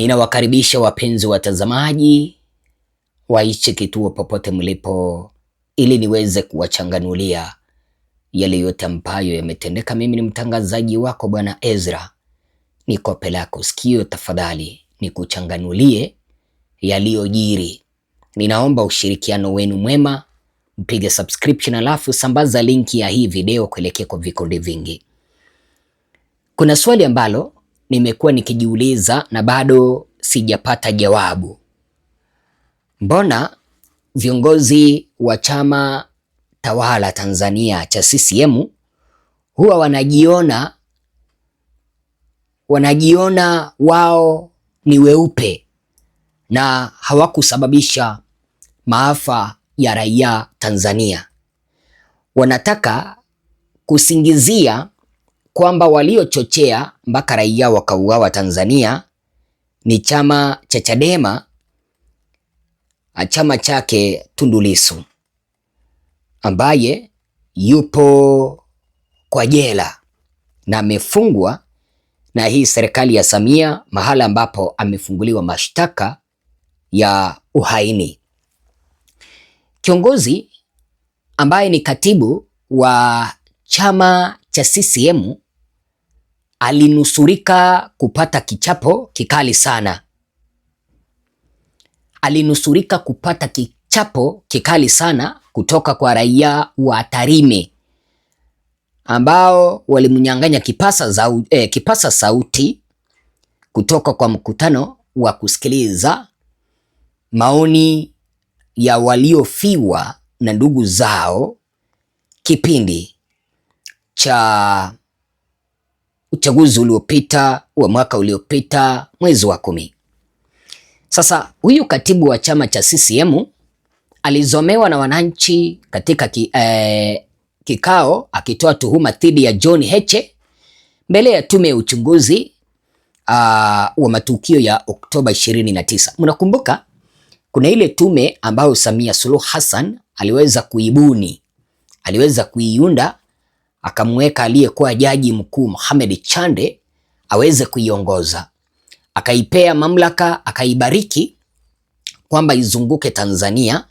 Ninawakaribisha wapenzi watazamaji wa hichi kituo popote mlipo, ili niweze kuwachanganulia yale yote ambayo yametendeka. Mimi ni mtangazaji wako Bwana Ezra, niko pele lako sikio, tafadhali nikuchanganulie yaliyojiri. Ninaomba ushirikiano wenu mwema, mpige subscription alafu sambaza linki ya hii video kuelekea kwa vikundi vingi. Kuna swali ambalo nimekuwa nikijiuliza na bado sijapata jawabu. Mbona viongozi wa chama tawala Tanzania cha CCM huwa wanajiona wanajiona wao ni weupe na hawakusababisha maafa ya raia Tanzania. Wanataka kusingizia kwamba waliochochea mpaka raia wakauawa Tanzania ni chama cha Chadema, chama chake Tundu Lissu ambaye yupo kwa jela na amefungwa na hii serikali ya Samia, mahala ambapo amefunguliwa mashtaka ya uhaini. Kiongozi ambaye ni katibu wa chama cha CCM alinusurika kupata kichapo kikali sana, alinusurika kupata kichapo kikali sana kutoka kwa raia wa Tarime ambao walimnyang'anya kipasa, za, eh, kipasa sauti kutoka kwa mkutano wa kusikiliza maoni ya waliofiwa na ndugu zao kipindi cha uchaguzi uliopita wa mwaka uliopita mwezi wa kumi. Sasa huyu katibu wa chama cha CCM alizomewa na wananchi katika ki, eh, kikao akitoa tuhuma dhidi ya John Heche mbele ya tume ya uchunguzi uh, wa matukio ya Oktoba 29. Mnakumbuka kuna ile tume ambayo Samia Suluhu Hassan aliweza kuibuni, aliweza kuiunda akamweka aliyekuwa jaji mkuu Mohamed Chande aweze kuiongoza, akaipea mamlaka, akaibariki kwamba izunguke Tanzania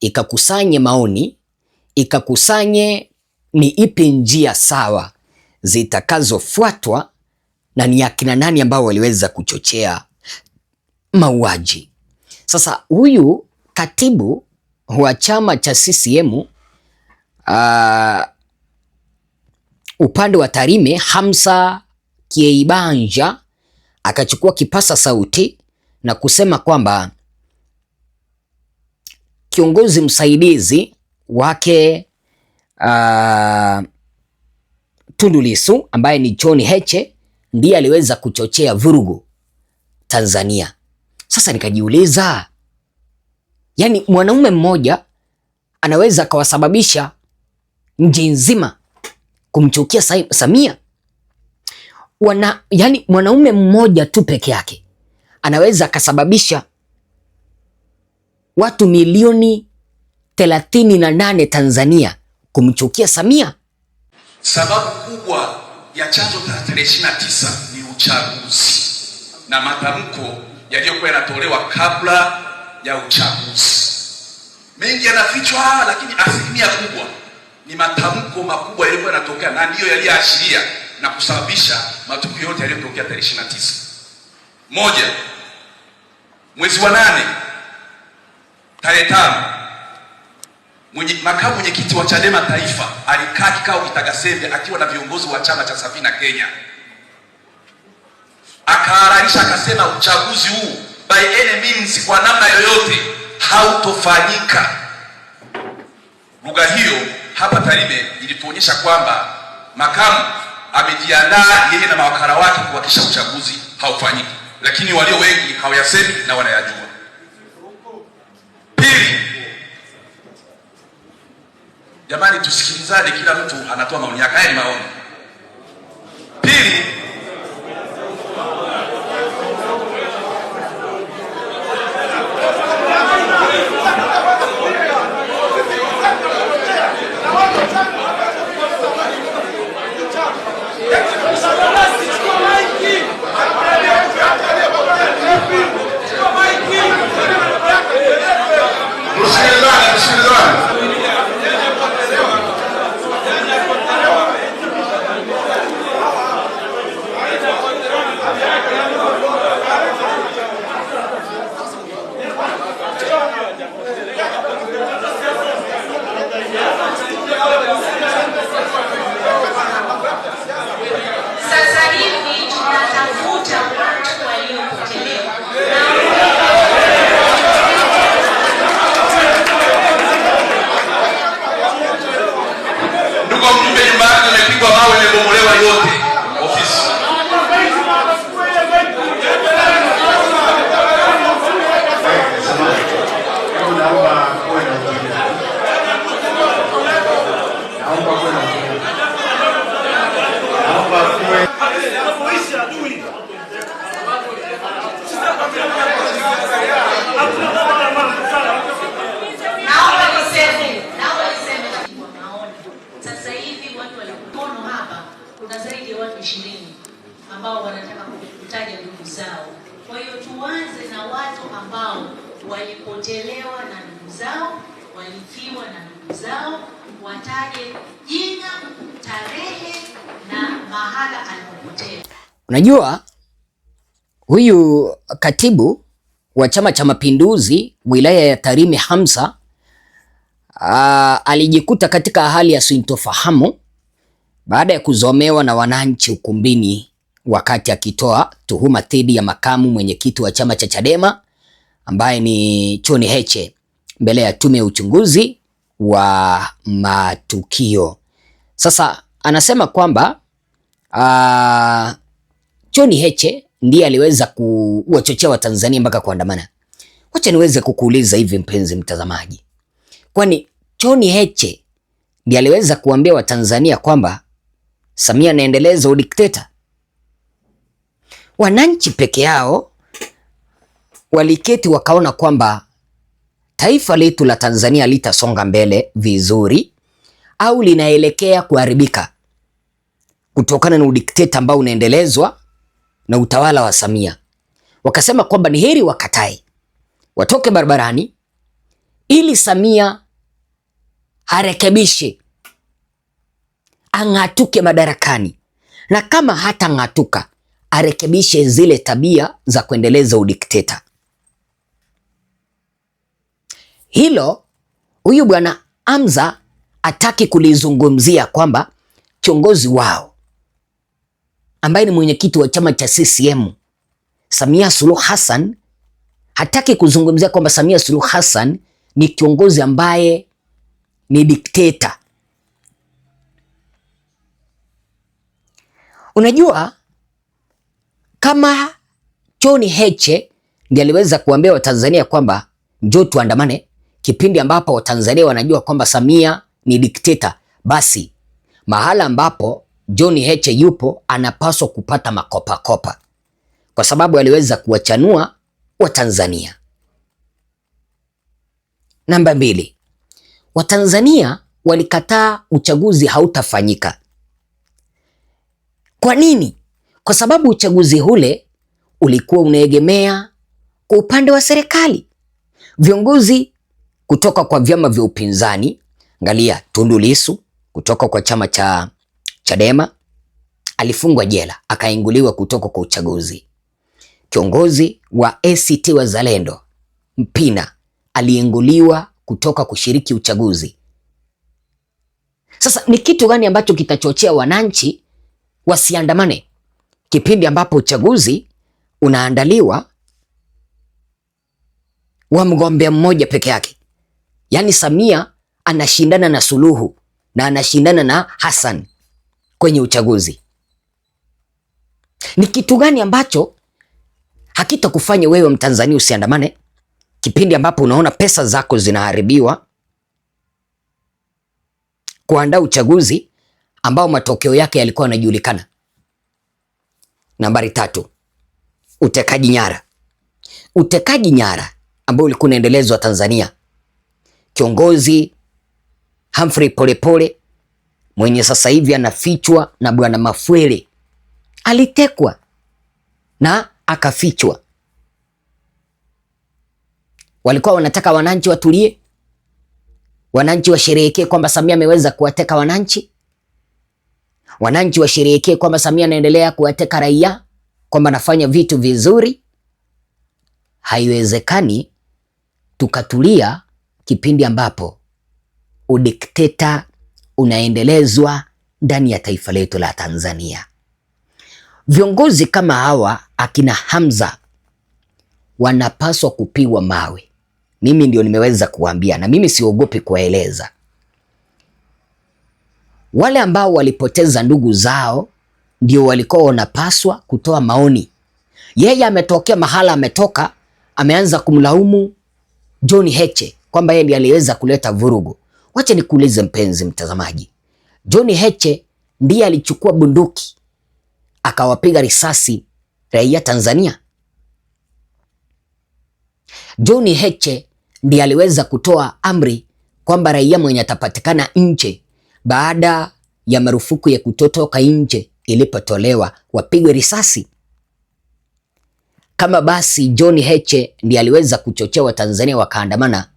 ikakusanye maoni, ikakusanye ni ipi njia sawa zitakazofuatwa na ni akina nani ambao waliweza kuchochea mauaji. Sasa huyu katibu wa chama cha CCM uh, ah, Upande wa Tarime, Hamsa Kieibanja akachukua kipasa sauti na kusema kwamba kiongozi msaidizi wake uh, Tundu Lissu ambaye ni John Heche ndiye aliweza kuchochea vurugu Tanzania. Sasa nikajiuliza, yani mwanaume mmoja anaweza akawasababisha nchi nzima kumchukia Samia wana, yani mwanaume mmoja tu peke yake anaweza akasababisha watu milioni thelathini na nane Tanzania kumchukia Samia. Sababu kubwa ya chanzo tarehe 29 ni uchaguzi na matamko yaliyokuwa yanatolewa kabla ya uchaguzi, mengi yanafichwa, lakini asilimia kubwa ni matamko makubwa yalikuwa yanatokea na ndiyo yaliyoashiria na kusababisha matukio yote yaliyotokea tarehe 29. Moja, mwezi wa nane tarehe tano mwenye, makamu mwenyekiti wa Chadema Taifa alikaa kikao Kitagasembe akiwa na viongozi wa chama cha Safina Kenya, akaharanisha akasema, uchaguzi huu by any means, kwa namna yoyote hautofanyika. Lugha hiyo hapa Tarime ilituonyesha kwamba makamu amejiandaa yeye na mawakala wake kuhakikisha uchaguzi haufanyiki, lakini walio wengi hawayasemi na wanayajua. Pili, jamani, tusikilizane, kila mtu anatoa maoni yake. Haya ni maoni. Pili ndugu zao, wataje jina, tarehe na mahala alipopotea. Unajua, huyu katibu wa Chama cha Mapinduzi wilaya ya Tarime Hamza alijikuta katika hali ya sintofahamu baada ya kuzomewa na wananchi ukumbini wakati akitoa tuhuma dhidi ya makamu mwenyekiti wa chama cha Chadema ambaye ni choni Heche mbele ya tume ya uchunguzi wa matukio. Sasa anasema kwamba uh, ah, John Heche ndiye aliweza kuwachochea Watanzania mpaka kuandamana. Wacha niweze kukuuliza hivi mpenzi mtazamaji, kwani John Heche ndiye aliweza kuambia Watanzania kwamba Samia anaendeleza udikteta? Wananchi peke yao waliketi wakaona kwamba taifa letu la Tanzania litasonga mbele vizuri au linaelekea kuharibika kutokana na udikteta ambao unaendelezwa na utawala wa Samia. Wakasema kwamba ni heri wakatae, watoke barabarani ili Samia harekebishe, ang'atuke madarakani, na kama hata ngatuka arekebishe zile tabia za kuendeleza udikteta. Hilo huyu bwana amza ataki kulizungumzia kwamba kiongozi wao ambaye ni mwenyekiti wa chama cha CCM Samia Suluhu Hassan hataki kuzungumzia kwamba Samia Suluhu Hassan ni kiongozi ambaye ni dikteta. Unajua, kama John Heche ndiye aliweza kuambia Watanzania kwamba njoo tuandamane, kipindi ambapo Watanzania wanajua kwamba Samia ni dikteta, basi mahala ambapo John Heche yupo anapaswa kupata makopakopa kwa sababu aliweza kuwachanua Watanzania. Namba mbili, Watanzania walikataa uchaguzi hautafanyika. Kwa nini? Kwa sababu uchaguzi ule ulikuwa unaegemea kwa upande wa serikali. Viongozi kutoka kwa vyama vya upinzani, angalia Tundu Lissu kutoka kwa chama cha Chadema alifungwa jela akainguliwa kutoka kwa uchaguzi. Kiongozi wa ACT Wazalendo Mpina aliinguliwa kutoka kushiriki uchaguzi. Sasa ni kitu gani ambacho kitachochea wananchi wasiandamane kipindi ambapo uchaguzi unaandaliwa wa mgombea mmoja peke yake? Yaani Samia anashindana na Suluhu na anashindana na Hassan kwenye uchaguzi. Ni kitu gani ambacho hakitakufanya wewe Mtanzania usiandamane kipindi ambapo unaona pesa zako zinaharibiwa kuandaa uchaguzi ambao matokeo yake yalikuwa yanajulikana? Nambari tatu, utekaji nyara. Utekaji nyara ambao ulikuwa unaendelezwa Tanzania kiongozi Humphrey Polepole mwenye sasa hivi anafichwa na bwana Mafwele alitekwa na akafichwa. Walikuwa wanataka wananchi watulie, wananchi washerehekee kwamba Samia ameweza kuwateka wananchi, wananchi washerehekee kwamba Samia anaendelea kuwateka raia, kwamba anafanya vitu vizuri. Haiwezekani tukatulia kipindi ambapo udikteta unaendelezwa ndani ya taifa letu la Tanzania. Viongozi kama hawa akina Hamza wanapaswa kupigwa mawe. Mimi ndio nimeweza kuwaambia, na mimi siogopi kuwaeleza wale ambao walipoteza ndugu zao ndio walikuwa wanapaswa kutoa maoni. Yeye ametokea mahala ametoka, ameanza kumlaumu John Heche kwamba yeye ndiye aliweza kuleta vurugu. Wacha nikuulize mpenzi mtazamaji, John Heche ndiye alichukua bunduki akawapiga risasi raia Tanzania? John Heche ndiye aliweza kutoa amri kwamba raia mwenye atapatikana nje baada ya marufuku ya kutotoka nje ilipotolewa wapigwe risasi? Kama basi John Heche ndiye aliweza kuchochea Watanzania wakaandamana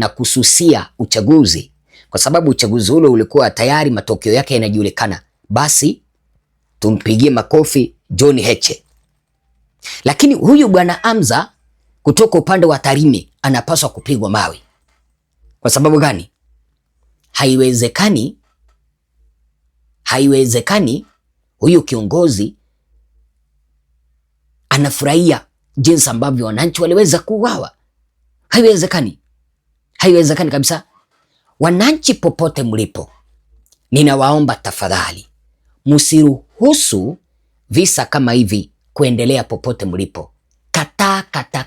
na kususia uchaguzi, kwa sababu uchaguzi ule ulikuwa tayari matokeo yake yanajulikana, basi tumpigie makofi John Heche. Lakini huyu bwana amza kutoka upande wa Tarime anapaswa kupigwa mawe. Kwa sababu gani? Haiwezekani, haiwezekani huyu kiongozi anafurahia jinsi ambavyo wananchi waliweza kuuawa. Haiwezekani. Haiwezekani kabisa. Wananchi popote mlipo, ninawaomba tafadhali msiruhusu visa kama hivi kuendelea popote mlipo. Kataa, kataa.